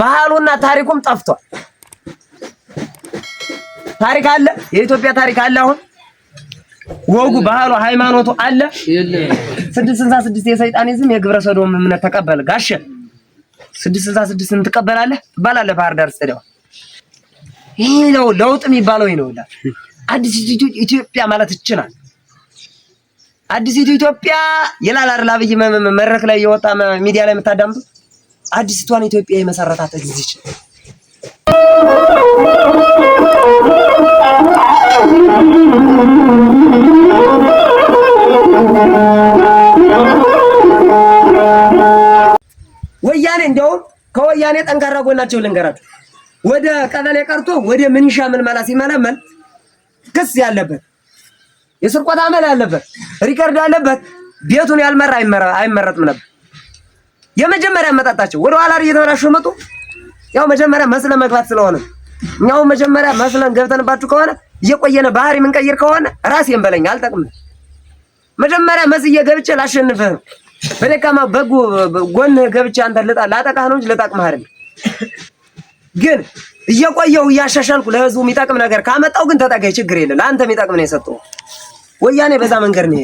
ባህሉና ታሪኩም ጠፍቷል። ታሪክ አለ፣ የኢትዮጵያ ታሪክ አለ። አሁን ወጉ፣ ባህሉ፣ ሃይማኖቱ አለ። 666 ስልሳ ስድስት የሰይጣኒዝም የግብረ ሰዶም እምነት ተቀበል ጋሸ 666 ስልሳ ትቀበላለህ ትባላለህ። ባህር ዳር ስትሄድ ይህ ነው ለውጥ የሚባለው ነው። አዲስ ኢትዮጵያ ማለት ይችላል። አዲስ ኢትዮጵያ ይላል አይደል? አብይ መድረክ ላይ የወጣ ሚዲያ ላይ የምታዳምጡት አዲስቷን ኢትዮጵያ የመሰረታት እዚች ወያኔ እንዲያውም ከወያኔ ጠንካራ ጎናቸው ልንገራችሁ። ወደ ቀበሌ ቀርቶ ወደ ምንሻ ምልመላ ሲመለመል ክስ ያለበት የስርቆት አመል ያለበት ሪከርድ ያለበት ቤቱን ያልመራ አይመረጥም ነበር። የመጀመሪያ መጣጣቸው ወደ ኋላ እየተበላሹ መጡ። ያው መጀመሪያ መስለን መግባት ስለሆነ እኛው መጀመሪያ መስለን ገብተንባችሁ ከሆነ እየቆየነ ባህሪ የምንቀይር ከሆነ ራሴን በለኝ አልጠቅም። መጀመሪያ መስዬ ገብቼ ላሸንፍህ ነው። በደካማ በጎ ጎንህ ገብቼ አንተ ላጠቃህ ነው እንጂ ልጠቅምህ ግን እየቆየሁ እያሻሻልኩ ለህዝቡ የሚጠቅም ነገር ካመጣው ግን ተጠጋይ ችግር የለም። ለአንተ የሚጠቅም ነው የሰጠው ወያኔ በዛ መንገድ ነው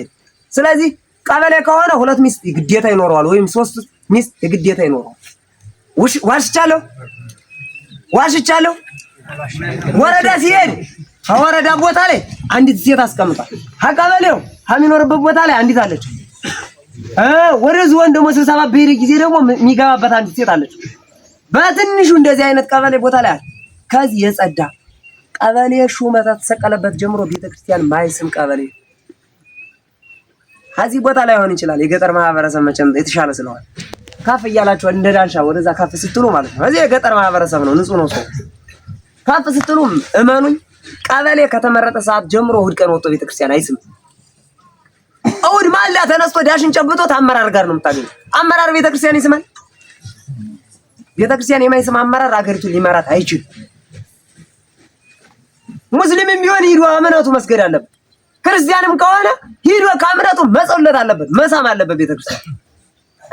ስለዚህ ቀበሌ ከሆነ ሁለት ሚስት ግዴታ ይኖረዋል ወይም ሶስት ሚስት የግዴታ ይኖረው። ዋሽቻለሁ ዋሽቻለሁ። ወረዳ ሲሄድ ከወረዳ ቦታ ላይ አንዲት ሴት አስቀምጧል። ከቀበሌው ከሚኖርበት ቦታ ላይ አንዲት አለች። ወደ ዝወን ደግሞ ስብሰባ ብሄድ ጊዜ ደግሞ የሚገባበት አንዲት ሴት አለች። በትንሹ እንደዚህ አይነት ቀበሌ ቦታ ላይ አለ። ከዚህ የጸዳ ቀበሌ ሹመታ ተሰቀለበት ጀምሮ ቤተክርስቲያን ማይስም ቀበሌ ከዚህ ቦታ ላይ ሆን ይችላል። የገጠር ማህበረሰብ መቼም የተሻለ ስለሆነ ካፍ እያላችሁ እንደ ዳንሻ ወደዛ ካፍ ስትሉ ማለት ነው። እዚህ የገጠር ማህበረሰብ ነው፣ ንጹህ ነው ሰው። ካፍ ስትሉ እመኑኝ፣ ቀበሌ ከተመረጠ ሰዓት ጀምሮ እሑድ ቀን ወጥቶ ቤተክርስቲያን አይስም። እሑድ ማልዳ ተነስቶ ዳሽን ጨብጦ አመራር ጋር ነው የምታገኙ አመራር ቤተክርስቲያን ይስማል። ቤተክርስቲያን የማይስም አመራር አገሪቱ ሊመራት አይችልም። ሙስሊምም ቢሆን ሂዶ እምነቱ መስገድ አለበት። ክርስቲያንም ከሆነ ሂዶ ከእምነቱ መጸውለት አለበት፣ መሳም አለበት ቤተክርስቲያን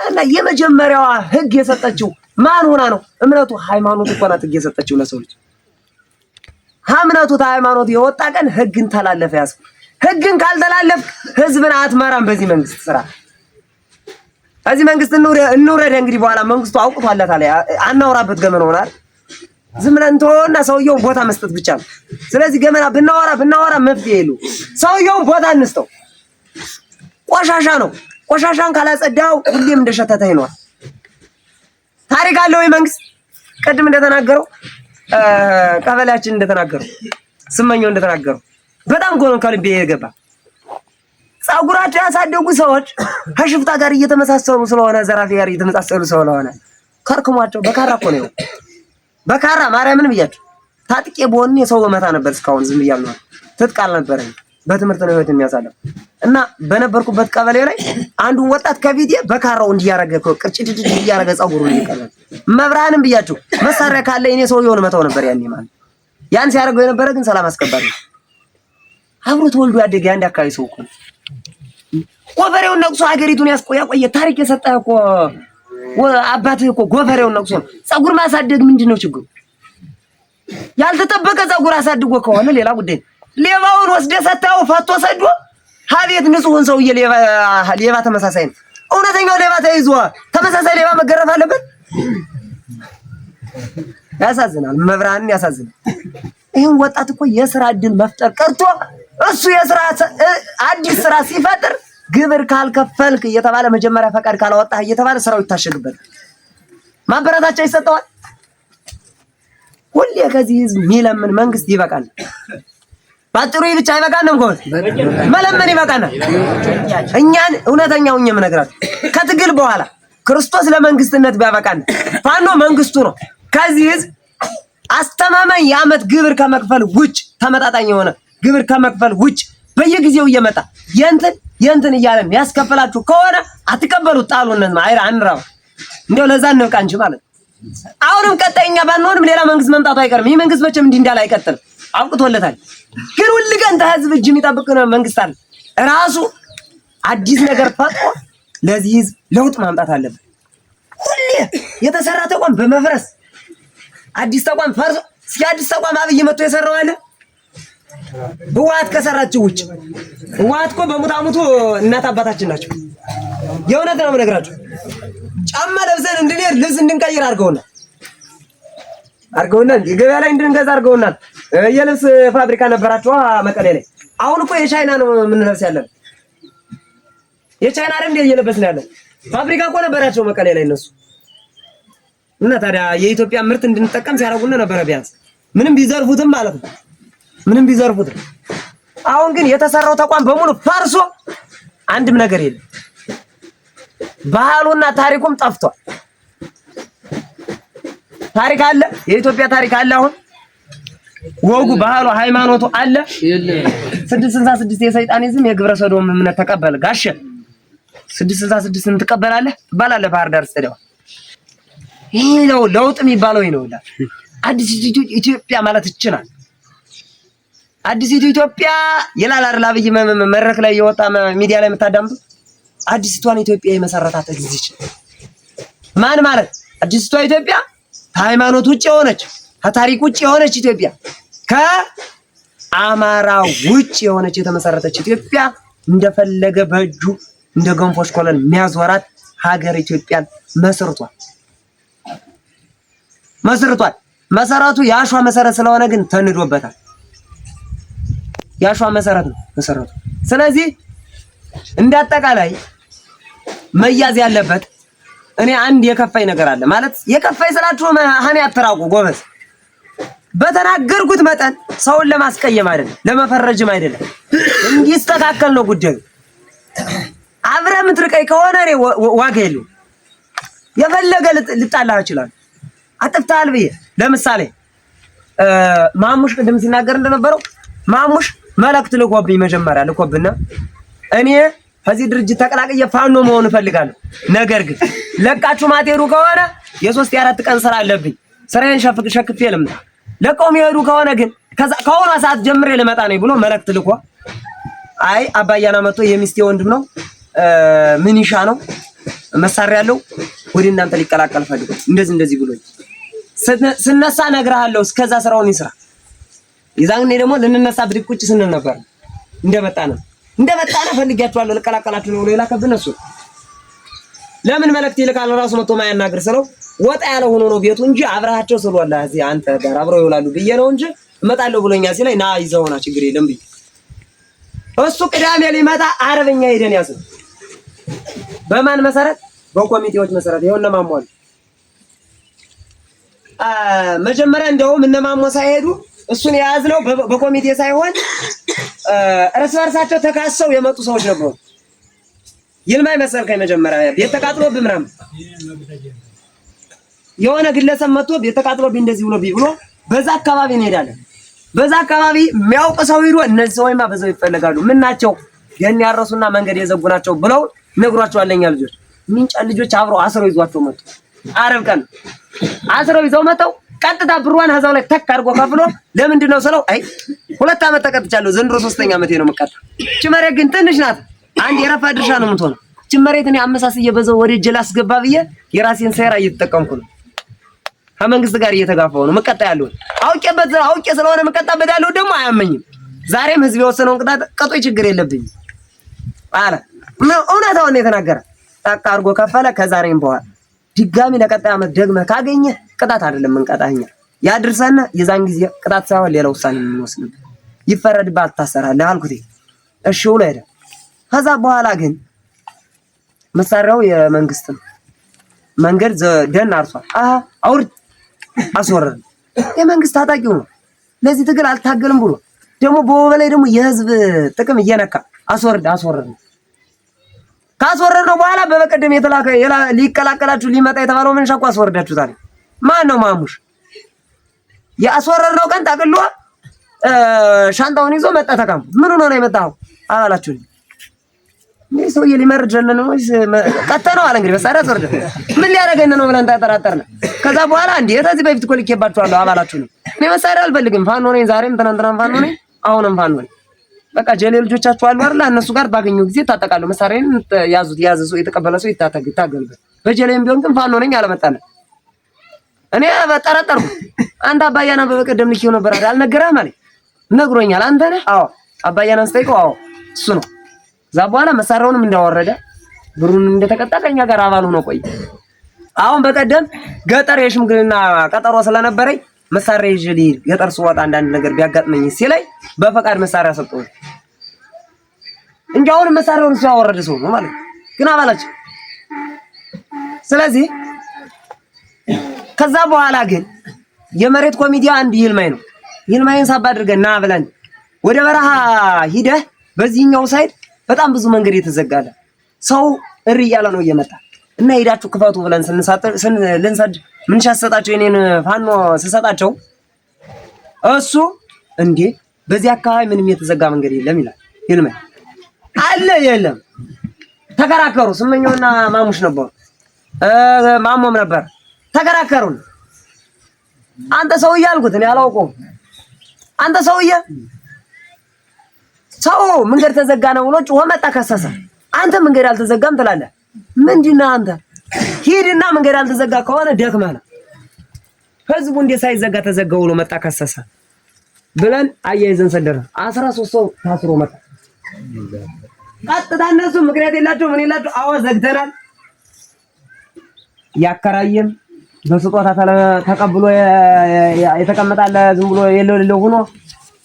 እና የመጀመሪያዋ ህግ የሰጠችው ማን ሆና ነው? እምነቱ ሃይማኖት እኮ ናት ህግ የሰጠችው ለሰው ልጅ። እምነቱ ሃይማኖት የወጣ ቀን ህግን ተላለፈ ያዝ። ህግን ካልተላለፍ ህዝብን አትመራም። በዚህ መንግስት ስራ እዚህ መንግስት እንውረድ። እንግዲህ በኋላ መንግስቱ አውቅቷለታል። አናወራበት ገመና ሆናል። ዝም ብለን እንተወውና ሰውየውን ቦታ መስጠት ብቻ ነው። ስለዚህ ገመና ብናወራ ብናወራ መፍትሄ የለውም። ሰውየውን ቦታ እንስጠው። ቆሻሻ ነው። ቆሻሻን ካላጸዳው ሁሌም እንደሸተተ ይኖር። ታሪክ አለው መንግስት ቅድም እንደተናገረው ቀበሌያችን እንደተናገረው ስመኛው እንደተናገረው በጣም ጎኖ ከልቤ የገባ ጸጉራቸው ያሳደጉ ሰዎች ከሽፍታ ጋር እየተመሳሰሉ ስለሆነ ዘራፊ ጋር እየተመሳሰሉ ስለሆነ ከርክሟቸው በካራ እኮ ነው በካራ ማርያምን ብያቸው ታጥቄ በሆን የሰው መታ ነበር። እስካሁን ዝም ብያለሁ። ትጥቅ አልነበረኝ። በትምህርት ነው ህይወት የሚያሳለው እና በነበርኩበት ቀበሌ ላይ አንዱን ወጣት ከቪዲዮ በካራው እንዲያረገ ቅርጭጭጭ እያረገ ጸጉሩ ይቀበል መብራንም ብያችሁ መሳሪያ ካለ እኔ የሆነ መተው ነበር። ያኔ ማለት ያን ሲያደርገው የነበረ ግን ሰላም አስከባሪ አብሮ ተወልዶ ያደገ የአንድ አካባቢ ሰው እኮ ጎፈሬውን ነቅሶ ሀገሪቱን ያቆየ ታሪክ የሰጠ እኮ አባትህ እኮ ጎፈሬውን ነቅሶ ነው። ጸጉር ማሳደግ ምንድን ነው ችግሩ? ያልተጠበቀ ጸጉር አሳድጎ ከሆነ ሌላ ጉዳይ ነው። ሌባውን ወስደ ሰታው ፈቶ ሰዶ ሀቤት ንጹህን ሰውዬ ሌባ ሌባ ተመሳሳይ ነው። እውነተኛው ሌባ ተይዞ ተመሳሳይ ሌባ መገረፍ አለበት። ያሳዝናል። መብራን ያሳዝናል። ይህን ወጣት እኮ የስራ እድል መፍጠር ቀርቶ እሱ የስራ አዲስ ስራ ሲፈጥር ግብር ካልከፈልክ እየተባለ መጀመሪያ ፈቃድ ካላወጣህ እየተባለ ስራው ይታሸግበታል። ማበረታቻ ይሰጠዋል። ሁሌ ከዚህ ህዝብ የሚለምን መንግስት ይበቃል። ባጭሩ ይህ ብቻ አይበቃንም። ጎል መለመን ይበቃናል። እኛን እውነተኛው እኛ የምነግራችሁ ከትግል በኋላ ክርስቶስ ለመንግስትነት ቢያበቃን ፋኖ መንግስቱ ነው። ከዚህ ህዝብ አስተማማኝ የአመት ግብር ከመክፈል ውጭ ተመጣጣኝ የሆነ ግብር ከመክፈል ውጭ በየጊዜው እየመጣ የእንትን የእንትን እያለን ያስከፈላችሁ ከሆነ አትቀበሉት፣ ጣሉነት አይራ አንራው እንዲያው ለዛ እንብቃ እንጂ ማለት አሁንም ቀጣይኛ ባንሆንም ሌላ መንግስት መምጣቱ አይቀርም። ይህ መንግስት መቼም እንዲህ እንዳለ አይቀጥልም። አውቅቶለታል። ግን ቀን ተህዝብ እጅ የሚጠብቅ መንግስት አለ። ራሱ አዲስ ነገር ፈጥሮ ለዚህ ህዝብ ለውጥ ማምጣት አለበት። ሁሌ የተሰራ ተቋም በመፍረስ አዲስ ተቋም ፈርሶ፣ እስኪ አዲስ ተቋም አብይ መጥቶ የሰራው አለ ህወሓት ከሰራችው ውጭ ህወሓት እኮ በሙታሙቱ እናት አባታችን ናቸው። የእውነት ነው የምነግራቸው። ጫማ ለብሰን እንድንሄድ ልብስ እንድንቀይር አድርገውናል አድርገውናል። የገበያ ላይ እንድንገዛ አድርገውናል። የልብስ ፋብሪካ ነበራቸዋ መቀሌ ላይ። አሁን እኮ የቻይና ነው የምንለብስ ያለን የቻይና አይደል እየለበስን ያለን። ፋብሪካ እኮ ነበራቸው መቀሌ ላይ እነሱ። እና ታዲያ የኢትዮጵያ ምርት እንድንጠቀም ሲያደርጉን ነበረ ቢያንስ ምንም ቢዘርፉትም ማለት ነው ምንም ቢዘርፉትም። አሁን ግን የተሰራው ተቋም በሙሉ ፈርሶ አንድም ነገር የለም። ባህሉና ታሪኩም ጠፍቷል። ታሪክ አለ፣ የኢትዮጵያ ታሪክ አለ አሁን ወጉ፣ ባህሉ፣ ሃይማኖቱ አለ። ስድስት ስልሳ ስድስት የሰይጣኒዝም የግብረ ሰዶም እምነት ተቀበል ጋሽ ስድስት ስልሳ ስድስትን ትቀበላለህ ትባላለህ። ባህር ዳር ስተደው ይህ ነው ለውጥ የሚባለው ነው። አዲስ ኢትዮጵያ ማለት ይችላል። አዲሲቱ ኢትዮጵያ ይላል አይደል? አብይ መድረክ ላይ የወጣ ሚዲያ ላይ የምታዳምጡ አዲስቷን ኢትዮጵያ የመሰረታት እዚች ማን ማለት አዲስቷ ኢትዮጵያ ከሃይማኖት ውጭ የሆነች ከታሪክ ውጭ የሆነች ኢትዮጵያ ከአማራ ውጭ የሆነች የተመሰረተች ኢትዮጵያ እንደፈለገ በእጁ እንደ ኮለን ሽኮለን የሚያዞራት ሀገር ኢትዮጵያን መስርቷል መስርቷል። መሰረቱ የአሸዋ መሰረት ስለሆነ ግን ተንዶበታል። የአሸዋ መሰረት ነው መሰረቱ። ስለዚህ እንደ አጠቃላይ መያዝ ያለበት እኔ አንድ የከፋይ ነገር አለ ማለት የከፋይ ስላችሁ ሀኔ አትራቁ ጎበዝ በተናገርኩት መጠን ሰውን ለማስቀየም አይደለም፣ ለመፈረጅም አይደለም። እንዲስተካከል ነው ጉዳዩ። አብረህ የምትርቀኝ ከሆነ እኔ ዋጋ የፈለገ ልጣላ ይችላል። አጥፍተሃል ብዬ ለምሳሌ ማሙሽ ቅድም ሲናገር እንደነበረው ማሙሽ መልእክት ልኮብኝ መጀመሪያ ልኮብና እኔ ከዚህ ድርጅት ተቀላቅዬ ፋኖ መሆን እፈልጋለሁ፣ ነገር ግን ለቃችሁ ማቴሩ ከሆነ የሶስት የአራት ቀን ስራ አለብኝ፣ ስራዬን ሸፍቅ ሸክፌ ልምጣ ለቀው የሚሄዱ ከሆነ ግን ከሆነ ሰዓት ጀምሬ ልመጣ ነኝ ብሎ መልእክት ልኮ አይ አባያና መጥቶ የሚስቴ ወንድም ነው ምንሻ ነው መሳሪያ ያለው ወደ እናንተ ሊቀላቀል ፈልጎ እንደዚህ እንደዚህ ብሎ ስነሳ እነግርሃለሁ። እስከዛ ስራውን ይስራ። የዛን እኔ ደግሞ ልንነሳ ብድግ ቁጭ ስንል ነበር። እንደመጣ ነው እንደመጣ ነው ፈልጊያችኋለሁ ልቀላቀላችሁ ነው ብሎ የላከብን እሱ ለምን መልእክት ይልካል ራሱ መጥቶ ማያናግር ስለው ወጣ ያለ ሆኖ ነው ቤቱ እንጂ አብረሃቸው ስለዋላ እዚህ አንተ ጋር አብረው ይውላሉ ብዬ ነው እንጂ እመጣለሁ ብሎኛ ሲለኝ ና ይዘውና ችግር የለም ብዬ እሱ ቅዳሜ ሊመጣ አረበኛ ሄደን ያዝ በማን መሰረት በኮሚቴዎች መሰረት ይሁን ለማሟል መጀመሪያ እንደውም እነ ሳይሄዱ እሱን የያዝነው በኮሚቴ ሳይሆን እርስ በርሳቸው ተካሰው የመጡ ሰዎች ነበሩ። ይልማይ መሰልከኝ መጀመሪያ ቤት ተቃጥሎብህ ምናምን የሆነ ግለሰብ መጥቶ ቤት ተቃጥሎ እንደዚህ ብሎ ብሎ በዛ አካባቢ እንሄዳለን። በዛ አካባቢ የሚያውቅ ሰው ሂዶ እነዚህ ሰውማ በዛው ይፈለጋሉ፣ ምን ናቸው ያን ያረሱና መንገድ የዘጉ ናቸው ብለው ነግሯቸው አለኛ ልጆች ሚንጫ ልጆች አብረው አስረው ይዟቸው መጡ። አረብ ቀን አስረው ይዘው መተው ቀጥታ ብሯን ሀዛው ላይ ተክ አድርጎ ከፍሎ ለምንድን ነው ስለው፣ አይ ሁለት ዓመት ተቀጥቻለሁ፣ ዘንድሮ ሶስተኛ ዓመቴ ነው የምቀጣ። እቺ መሬት ግን ትንሽ ናት፣ አንድ የረፋ ድርሻ ነው የምትሆነው። እቺ መሬት እኔ አመሳስዬ በዛው ወደ እጄ ላስገባ ብዬ የራሴን ሴራ እየተጠቀምኩ ነው። ከመንግስት ጋር እየተጋፋው ነው። መቀጣ ያለውን አውቄበት አውቄ ስለሆነ መቀጣበት ያለውን ደግሞ አያመኝም። ዛሬም ህዝብ የወሰነውን ቅጣት ቀጦ ችግር የለብኝም አለ። እውነታውን ነው የተናገረ። ጣቃ አድርጎ ከፈለ። ከዛሬም በኋላ ድጋሚ ለቀጣይ ዓመት ደግመህ ካገኘ ቅጣት አይደለም እንቀጣኛ ያድርሰና የዛን ጊዜ ቅጣት ሳይሆን ሌላ ውሳኔ የምንወስድ ይፈረድብህ፣ አልታሰራለህ አልኩት። እሺ ብሎ ሄደ። ከዛ በኋላ ግን መሳሪያው የመንግስት ነው። መንገድ ደን አርሷል። አውርድ አስወረደ። የመንግስት ታጣቂው ነው ለዚህ ትግል አልታገልም ብሎ ደግሞ በወበላይ ደግሞ የህዝብ ጥቅም እየነካ አስወረደ አስወረደ ነው። ነው በኋላ በበቀደም የተላከ ሊቀላቀላችሁ ሊመጣ የተባለው መንሻ እኮ አስወርዳችሁታል። ማን ነው ማሙሽ? የአስወረድነው ቀን ጠቅሎ ሻንጣውን ይዞ መጣ። ተካም ምን ሆኖ ነው የመጣው አላላችሁ እንግዲህ ሰውዬ ሊመርጀን ነው ወይስ ቀጠነዋል? እንግዲህ መሳሪያ አስወርደ ምን ሊያደርገን ነው ብለን ተጠራጠርን። ከዛ በኋላ እንዴ ከዚህ በፊት እኮ ልኬባችኋለሁ አባላችሁ ነው እኔ መሳሪያ አልፈልግም፣ ፋኖ ነኝ፣ ዛሬም ትናንትናም ፋኖ ነኝ፣ አሁንም ፋኖ ነኝ። በቃ ጀሌ ልጆቻችሁ አሉ አይደል? እነሱ ጋር ባገኘው ጊዜ ታጠቃለሁ። መሳሪያን ያዙት፣ የያዘ ሰው የተቀበለ ሰው ይታተግ ይታገልበት። በጀሌም ቢሆን ግን ፋኖ ነኝ አለመጣነ እኔ ጠረጠርኩ። አንድ አባያና በበቀደም ልኬው ነበር አይደል? አልነገረህም አለኝ። ነግሮኛል። አንተ ነህ? አዎ። አባያና ስጠይቀው አዎ እሱ ነው እዛ በኋላ መሳሪያውንም እንዳወረደ ብሩን እንደተቀጣ ከኛ ጋር አባል ሆኖ ቆይ። አሁን በቀደም ገጠር የሽምግልና ቀጠሮ ስለነበረኝ መሳሪያ ይዤ ልሂድ ገጠር ስወጣ አንዳንድ ነገር ቢያጋጥመኝ ሲለኝ በፈቃድ መሳሪያ ሰጠው። እንጂ አሁንም መሳሪያውን እሱ ያወረደ ሰው ነው ማለት ግን አባላችን። ስለዚህ ከዛ በኋላ ግን የመሬት ኮሚቴ አንድ ይልማይ ነው። ይልማይን ሳባ አድርገን ና ብለን ወደ በረሃ ሂደህ በዚህኛው ሳይድ በጣም ብዙ መንገድ የተዘጋለ ሰው እሪ እያለ ነው እየመጣ እና ሄዳችሁ ክፈቱ ብለን ስንሳጠር ልንሰድ ምን ሻሰጣቸው የኔን ፋኖ ስሰጣቸው እሱ እንዴ በዚህ አካባቢ ምንም የተዘጋ መንገድ የለም ይላል። ይልመ አለ የለም ተከራከሩ። ስመኛውና ማሙሽ ነበሩ ማሞም ነበር ተከራከሩን። አንተ ሰውዬ አልኩት እኔ አላውቀውም። አንተ ሰውዬ ሰው መንገድ ተዘጋ ነው ብሎ ጮሆ መጣ ከሰሰ። አንተ መንገድ አልተዘጋም ትላለህ። ምንድነው አንተ ሂድና መንገድ አልተዘጋ ከሆነ ደክመህ ነው። ህዝቡ እንዴ ሳይዘጋ ተዘጋ ብሎ መጣ ከሰሰ ብለን አያይዘን ሰደረ። አስራ ሶስት ሰው ታስሮ መጣ። ቀጥታ እነሱ ምክንያት የላቸው ምን የላቸው። አዎ ዘግተናል። ያከራየም በስጦታ ተቀብሎ የተቀመጣለ ዝም ብሎ የለው የሌለው ሆኖ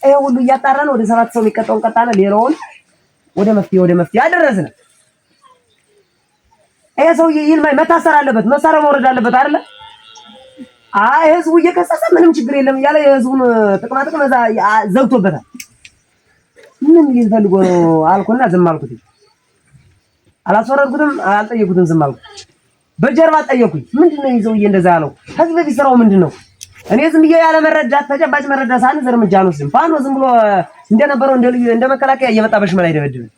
ይሄ ሁሉ እያጣራን ወደ ሰባት ሰው የሚቀጣውን ቀጣን፣ ሌላውን ወደ መፍትሄ ወደ መፍትሄ አደረስን። ይሄ ሰውዬ ይልማይ መታሰር አለበት፣ መሳሪያ መውረድ አለበት አይደለ? አይ ህዝቡ እየከሰሰ ምንም ችግር የለም እያለ የህዝቡን ጥቅማ ጥቅም ዘግቶበታል። ምን ሊል ፈልጎ ነው አልኩና ዝም አልኩት። አላስወረድኩትም፣ አልጠየኩትም፣ ዝም አልኩት። በጀርባ ጠየኩኝ። ምንድነው ነው ይዘውዬ እንደዛ ያለው ህዝብ ቢሰራው ምንድን ነው እኔ ዝም ብዬ ያለ መረዳት ተጨባጭ መረዳት ሳንዝ እርምጃ አንወስድም። ፋኖ ዝም ብሎ እንደነበረው እንደ መከላከያ እየመጣ በሽመላ አይደበድብም።